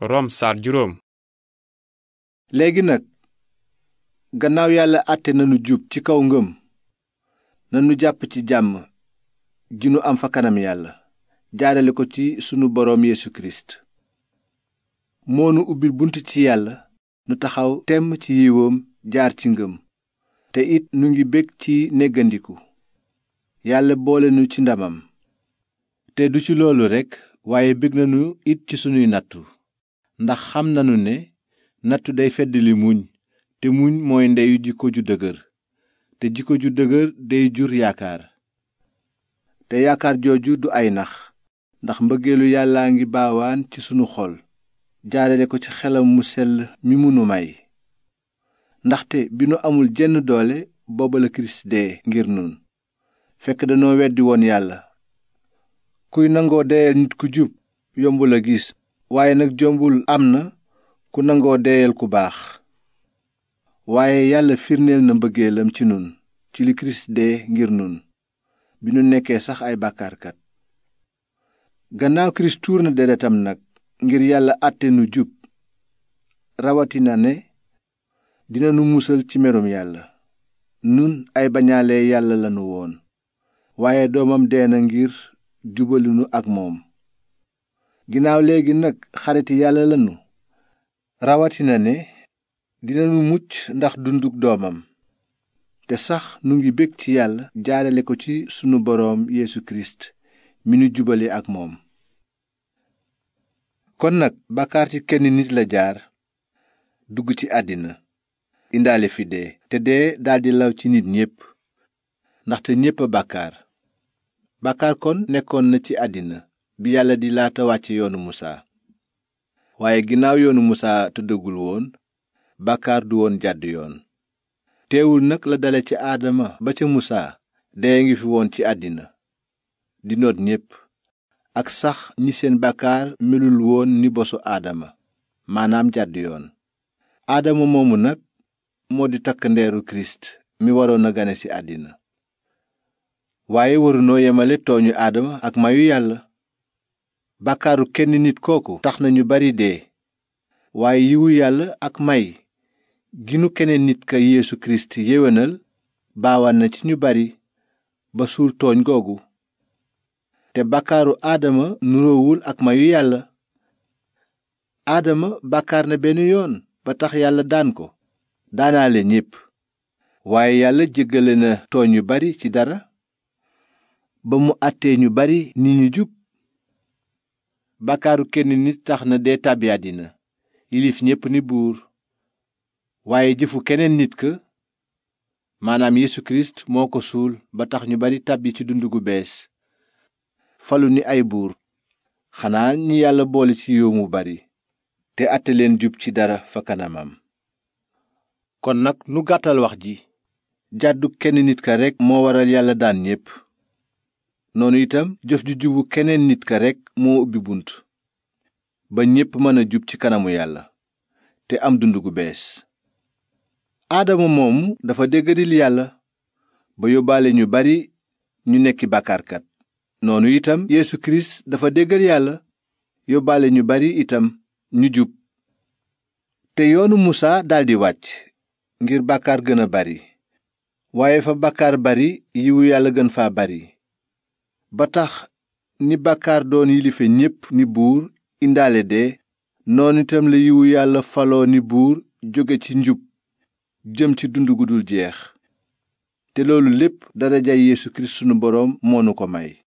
rom saar juróom léegi nag gannaaw yàlla àtte nanu jub ci kaw ngëm nanu jàpp ci jàmm ji nu am fa kanam yàlla jaarale ko ci sunu borom yeesu kirist moo nu ubbil bunt ci yàlla nu taxaw temm ci yiwoom jaar ci ngëm te it nu ngi bég ci neggandiku yàlla boole nu ci ndamam te du ci loolu rekk waaye bég nanu it ci sunuy nattu ndax xam nanu ne nattu day feddali muñ te muñ mooy ndeyu jikko ju dëgër te jikko ju dëgër day jur yaakaar te yaakaar jooju du ay nax ndax mbëggeelu yàllaa ngi baawaan ci sunu xol jaarale ko ci xelam mu sell mi munu may ndaxte bi nu amul jenn doole booba la kirist dee ngir nun fekk danoo weddi woon yàlla kuy nangoo deyal nit ku jub yomb la gis waaye nag jombul am na ku nangoo deeyal ku baax waaye yàlla firneel na mbëggeelam ci nun ci li kirist dee ngir nun bi nu nekkee sax ay bàkkaarkat gannaaw kirist tuur na deretam nag ngir yàlla àtte nu jub rawatina ne dina nu musal ci merum yàlla nun ay bañaale yàlla lanu woon waaye doomam dee na ngir jubalunu ak moom ginnaaw léegi nag xariti yàlla lanu rawatina ne dinanu mucc ndax dunduk doomam te sax nu ngi bég ci yàlla jaarale ko ci sunu boroom yéesu Kirist mi nu jubale ak moom kon nag bàkkaar ci kenn nit la jaar dugg ci àddina indaale fi dee te dee daldi law ci nit ñépp ndaxte ñépp a bàkkaar bàkkaar kon nekkoon na ci àddina bi yàlla di laata wàcce yoonu musaa waaye ginnaaw yoonu musaa tëddagul woon bàkkaar du woon jàdd yoon teewul nag la dale ci aadama ba ca musaa dee ngi fi woon ci àddina di noot ñépp ak sax ñi seen bàkkaar melul woon ni bosu aadama maanaam jàdd yoon aadama moomu nag moo di takk ndeeru kirist mi waroon a gane ci àddina waaye warunoo yemale tooñu aadama ak mayu yàlla bàkkaaru kenn nit kooku tax na ñu bari dee waaye yiwu yàlla ak may ginu keneen nit ka yeesu kirist yéwénal baawaan na ci ñu bari ba suul tooñ googu te bàkkaaru aadama nuroowul ak mayu yàlla aadama bàkkaar na benn yoon ba tax yàlla daan ko daanaale ñépp waaye yàlla jéggale na tooñ yu bari ci dara ba mu àttee ñu bari ni ñu jub bakkaaru kenn nit tax na dee tàbbi àddina yilif ñépp ni buur waaye jëfu keneen nit ka maanaam Yesu kirist moo ko suul ba tax ñu bari tàbbi ci dund gu bees falu ni ay buur xanaa ñi yàlla boole ci yow mu bari te àtte leen jub ci dara fa kanamam kon nag nu gàttal wax ji jàddu kenn nit ka rekk moo waral yàlla daan ñépp noonu itam jëf ju jubu keneen nit ka rekk moo ubbi bunt ba ñépp mën a jub ci kanamu yàlla te am dund gu bees aadama moomu dafa déggadil yàlla ba yóbbaale ñu bari ñu nekki bàkkaarkat noonu itam Yeesu Kirist dafa déggal yàlla yóbbaale ñu bari itam ñu jub te yoonu Musaa daldi wàcc ngir bàkkaar gën a bari waaye fa bàkkaar bari yiwu yàlla gën faa bari ba tax ni bàkkaar doon yilife ñépp ni buur indaale de noonu itam la yiwu yàlla faloo ni buur jóge ci njub jëm ci dund gu dul jeex te loolu lépp darajay Yeesu Kirist sunu borom moo nu ko may